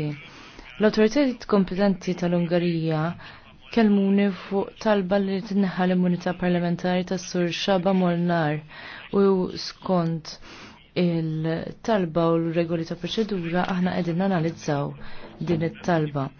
Presidenti. L-autoritajiet kompetenti tal-Ungarija kelmuni fuq talba li tinneħa l-immunità parlamentari tas sur Xaba Molnar u skont il-talba u l-regoli ta' proċedura aħna qegħdin analizzaw din it-talba.